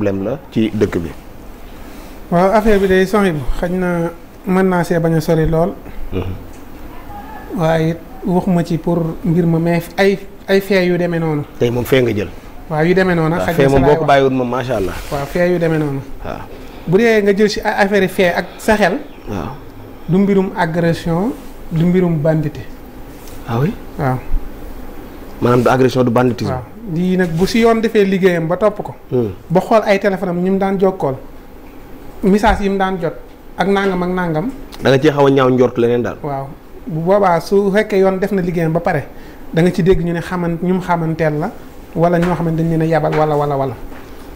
problème la ci dëkk bi. waaw affaire bi day soxib xañ na mën naa see bañ a sori lool. Mhm. waaye wax ma ci pour mbir ma mais ay ay fee yu demee noonu. tey moom fee nga jël. waaw yu demee noonu. xaj na moom boo ko bàyyiwul moom macha allah. waaw fee yu demee noonu. bu dee nga jël si affaire fee ak sa xel. waaw du mbirum agression du mbirum bandité. ah oui waaw. maanaam du agression du banditisme. dii nag bu si yoon defee liggéeyam ba topp ko. Hmm. ba xool ay téléphone ñu mu daan jokkool message yi mu daan jot ak nangam ak nangam. da nga ci xaw a ñaaw njort leneen daal. waaw bu boobaa su fekkee yoon def na liggéeyam ba pare danga ci dégg ñu ne xaman ñu mu xamanteel la wala ñoo xam ne dañu a yabal wala wala wala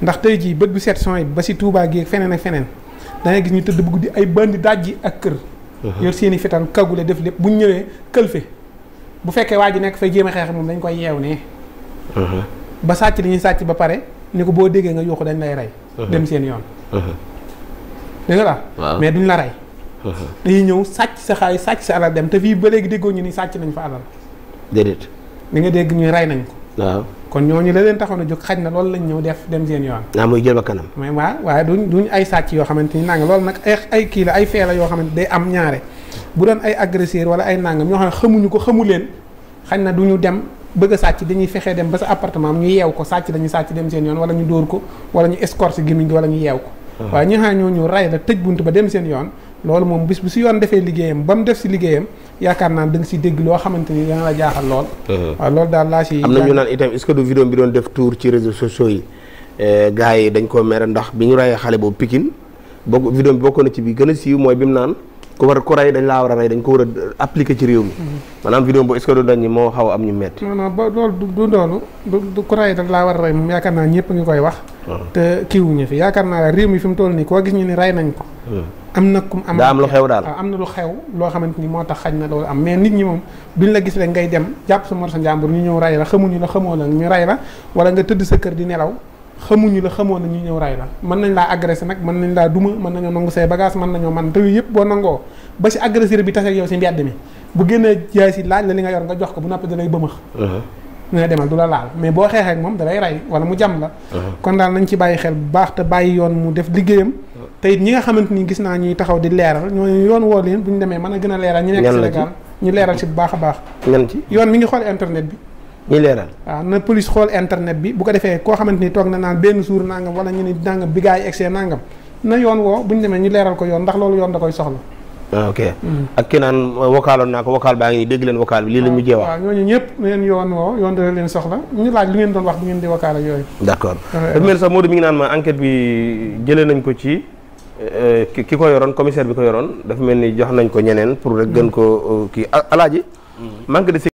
ndax tey jii bët bu set son yi ba si tuubaa gi feneen ak feneen da ngay gis ñu tëdd bu guddi ay bandi dajji ak kër. Hmm. yor seeni fital kagule def lépp bu ñu ñëwee këlfe bu fekkee waa ji nekk fay jéem a xeex moom dañ koy yeew ne ba sàcc li ñuy sàcc ba pare ni ko boo déggee nga yuuxu dañ lay rey. Uh-huh. dem seen yoon. Uh-huh. dégg nga la mais duñ la rey. Uh-huh. dañuy ñëw sàcc sa xaalis sàcc sa alal dem te fii ba léegi déggoo ñu ni sàcc nañ fa alal. déedéet. ni nga dégg ñu rey nañ ko. waaw kon ñoo ñu la leen taxoon a jóg xaj na loolu lañ ñëw def dem seen yoon. waaw ah, muy jël ba kanam. mais waaw waaye duñ duñ ay sàcc yoo xamante ni nangam loolu nag ay ay kii la ay fee yoo xamante day am ñaare bu doon ay agresseur wala ay nangam ñoo xam ne xamuñu ko xamu leen xañ na duñu dem bëgg a sàcc dañuy fexee dem ba sa appartement am ñu yeew ko sàcc dañuy sàcc dem seen yoon wala ñu dóor ko wala ñu escorte gémmiñ gi wala ñu yeew ko ah. waaye ñi nga xam ne ñooñu bunt ba dem seen yoon loolu moom bis bu si yoon defee liggéeyam ba def si liggéeyam yaakaar naa da nga si dégg loo xamante ni dana la jaaxal lool ah. waaw loolu daal laa si am na ñu naan itam est-ce que du vidéo bi doon def tour ci réseaux sociaux yi eh, gars yi dañ ko mere ndax bi ñu rayee xale boobu Pikine bokk vidéo bi bokk na ci bi gën a siiw mooy bi mu naan ku war ku rey dañ laa war a rey dañ ko war a appliquer ci réew mi. Mhm. maanaam vidéo boobu est-ce que du dañ moo xaw a am ñu metti non ba loolu du loolu du ku rey dañ laa war a rey moom yaakaar naa ñëpp ngi koy wax. Ah. te ñu fi yaakaar naa réew mi fi mu toll nii koo gis ñu ni rey nañ ko. Hmm. am na kum am am lu xew daal ah, am na lu xew loo xamante ni moo tax xañ na loolu am mais nit ñi moom duñ la gis rek ngay dem jàpp sa mor sa njàmbur ñu ñëw rey la xamuñu la xamoo la ñu rey la wala nga tëdd sa kër di nelaw xamuñu la xamoon na ñu ñëw ray la mën nañ laa agressé nag mën nañ laa duma mën nañoo nangu say bagage mën nañoo man te yooyu yëpp boo nangoo ba si agresseur bi tase ak yow si mbedd mi bu génnee jaay si laaj la li nga yor nga jox ko bu noppi dalay bëmax uh-huh. nga demal du la laal mais boo xeexee moom dalay ray wala mu jam la uh-huh. kon daal nañ ci bàyyi xel bu baax te bàyyi yoon mu def liggéeyam uh-huh. te it ñi nga xamante ni gis naa ñuy taxaw di leeral ñoo yoon woo leen bu ñu demee mën a gën a leeral ñu nekk Sénégal ñu leeral si bu baax a baax yoon mi ngi xool internet bi ñuy leeral waaw na police xool internet bi bu ko defee koo xamante ni toog na naan benn suur nangam wala ñu ni nangam bi gaay egsee nangam na yoon woo bu ñu demee ñu leeral ko yoon ndax loolu yoon da koy soxla ah, ok hmm. ak ki naan wokkaaloon ngi ñu laaj lu ngeen doon wax bu ngeen di wokkaal yooyu d' accord ah, dafa mel sax Modou mi ngi naan ma enquête bi jëlee nañ ko ci euh, ki ko yoroon commissaire bi ko yoroon dafa mel ni jox nañ ko ñeneen pour rek gën ko euh, kii alaaji hmm. manque de